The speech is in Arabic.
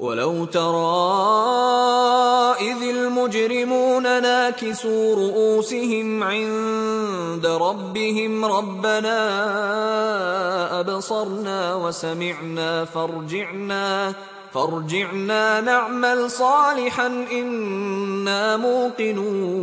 ولو ترى إذ المجرمون ناكسوا رؤوسهم عند ربهم ربنا أبصرنا وسمعنا فارجعنا فارجعنا نعمل صالحا إنا موقنون